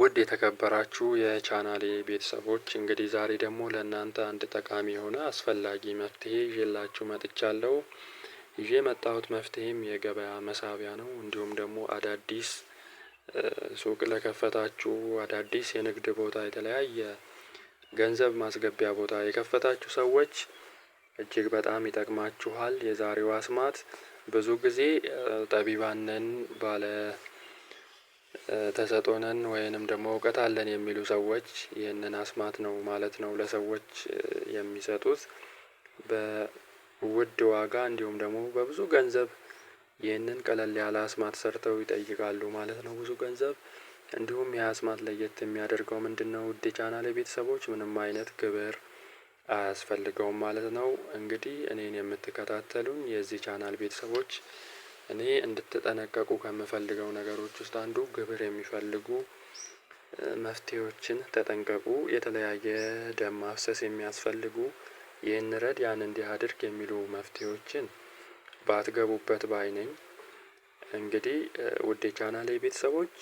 ውድ የተከበራችሁ የቻናሌ ቤተሰቦች እንግዲህ ዛሬ ደግሞ ለእናንተ አንድ ጠቃሚ የሆነ አስፈላጊ መፍትሄ ይዤላችሁ መጥቻለሁ። ይዤ የመጣሁት መፍትሄም የገበያ መሳቢያ ነው። እንዲሁም ደግሞ አዳዲስ ሱቅ ለከፈታችሁ፣ አዳዲስ የንግድ ቦታ፣ የተለያየ ገንዘብ ማስገቢያ ቦታ የከፈታችሁ ሰዎች እጅግ በጣም ይጠቅማችኋል። የዛሬው አስማት ብዙ ጊዜ ጠቢባንን ባለ ተሰጦነን ወይንም ደግሞ እውቀት አለን የሚሉ ሰዎች ይህንን አስማት ነው ማለት ነው ለሰዎች የሚሰጡት በውድ ዋጋ እንዲሁም ደግሞ በብዙ ገንዘብ ይህንን ቀለል ያለ አስማት ሰርተው ይጠይቃሉ ማለት ነው ብዙ ገንዘብ። እንዲሁም ይህ አስማት ለየት የሚያደርገው ምንድነው? ውድ የቻናሌ ቤተሰቦች ምንም አይነት ግብር አያስፈልገውም ማለት ነው። እንግዲህ እኔን የምትከታተሉኝ የዚህ ቻናል ቤተሰቦች እኔ እንድትጠነቀቁ ከምፈልገው ነገሮች ውስጥ አንዱ ግብር የሚፈልጉ መፍትሄዎችን ተጠንቀቁ የተለያየ ደም ማፍሰስ የሚያስፈልጉ ይህን ረድ ያን እንዲህ አድርግ የሚሉ መፍትሄዎችን ባትገቡበት ባይ ነኝ። እንግዲህ ውዴ የቻናሌ ቤተሰቦች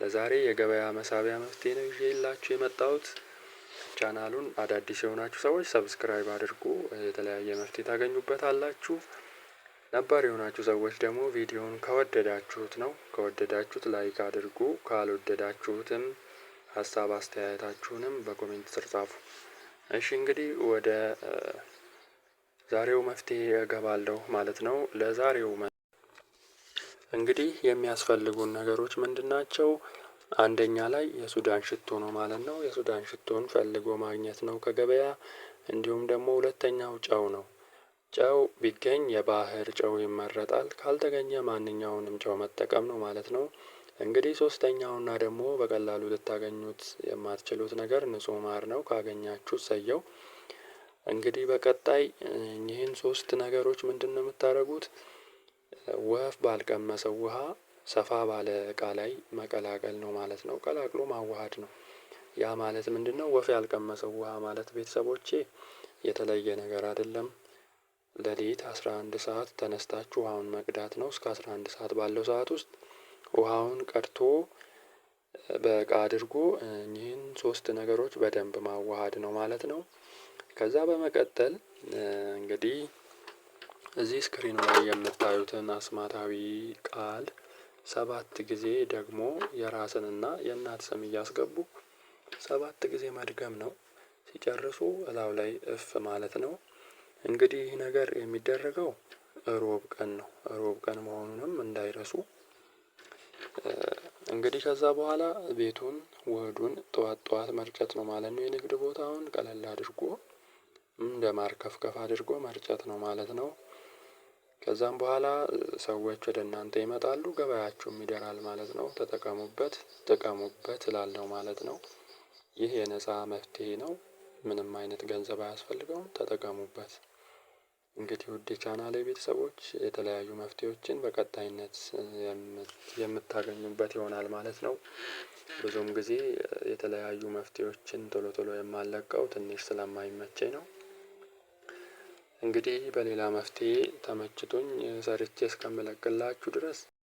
ለዛሬ የገበያ መሳቢያ መፍትሄ ነው ይዤላችሁ የመጣሁት። ቻናሉን አዳዲስ የሆናችሁ ሰዎች ሰብስክራይብ አድርጉ፣ የተለያየ መፍትሄ ታገኙበታላችሁ። ነባር የሆናችሁ ሰዎች ደግሞ ቪዲዮውን ከወደዳችሁት ነው ከወደዳችሁት ላይክ አድርጉ። ካልወደዳችሁትም ሀሳብ አስተያየታችሁንም በኮሜንት ስር ጻፉ። እሺ እንግዲህ ወደ ዛሬው መፍትሄ እገባለሁ ማለት ነው። ለዛሬው እንግዲህ የሚያስፈልጉን ነገሮች ምንድን ናቸው? አንደኛ ላይ የሱዳን ሽቶ ነው ማለት ነው። የሱዳን ሽቶን ፈልጎ ማግኘት ነው ከገበያ። እንዲሁም ደግሞ ሁለተኛው ጨው ነው። ጨው ቢገኝ የባህር ጨው ይመረጣል ካልተገኘ ማንኛውንም ጨው መጠቀም ነው ማለት ነው። እንግዲህ ሶስተኛውና ደግሞ በቀላሉ ልታገኙት የማትችሉት ነገር ንጹህ ማር ነው ካገኛችሁ ሰየው እንግዲህ በቀጣይ ይህን ሶስት ነገሮች ምንድነው የምታደርጉት? ወፍ ባልቀመሰው ውሃ ሰፋ ባለ እቃ ላይ መቀላቀል ነው ማለት ነው ቀላቅሎ ማዋሃድ ነው። ያ ማለት ምንድነው? ወፍ ያልቀመሰው ውሃ ማለት ቤተሰቦቼ የተለየ ነገር አይደለም ሌሊት 11 ሰዓት ተነስታችሁ ውሃውን መቅዳት ነው። እስከ 11 ሰዓት ባለው ሰዓት ውስጥ ውሃውን ቀድቶ በእቃ አድርጎ እኚህን ሶስት ነገሮች በደንብ ማዋሃድ ነው ማለት ነው። ከዛ በመቀጠል እንግዲህ እዚህ ስክሪን ላይ የምታዩትን አስማታዊ ቃል ሰባት ጊዜ ደግሞ የራስንና የእናት ስም እያስገቡ ሰባት ጊዜ መድገም ነው። ሲጨርሱ እላው ላይ እፍ ማለት ነው። እንግዲህ ይህ ነገር የሚደረገው እሮብ ቀን ነው። እሮብ ቀን መሆኑንም እንዳይረሱ። እንግዲህ ከዛ በኋላ ቤቱን ወህዱን ጠዋት ጠዋት መርጨት ነው ማለት ነው። የንግድ ቦታውን ቀለል አድርጎ እንደ ማርከፍከፍ አድርጎ መርጨት ነው ማለት ነው። ከዛም በኋላ ሰዎች ወደ እናንተ ይመጣሉ፣ ገበያችሁም ይደራል ማለት ነው። ተጠቀሙበት ጥቀሙበት እላለሁ ማለት ነው። ይህ የነፃ መፍትሄ ነው። ምንም አይነት ገንዘብ አያስፈልገውም። ተጠቀሙበት። እንግዲህ ውድ የቻናሌ ቤተሰቦች የተለያዩ መፍትሄዎችን በቀጣይነት የምታገኙበት ይሆናል ማለት ነው። ብዙም ጊዜ የተለያዩ መፍትሄዎችን ቶሎ ቶሎ የማለቀው ትንሽ ስለማይመቸኝ ነው። እንግዲህ በሌላ መፍትሄ ተመችቶኝ ሰርቼ እስከምለቅላችሁ ድረስ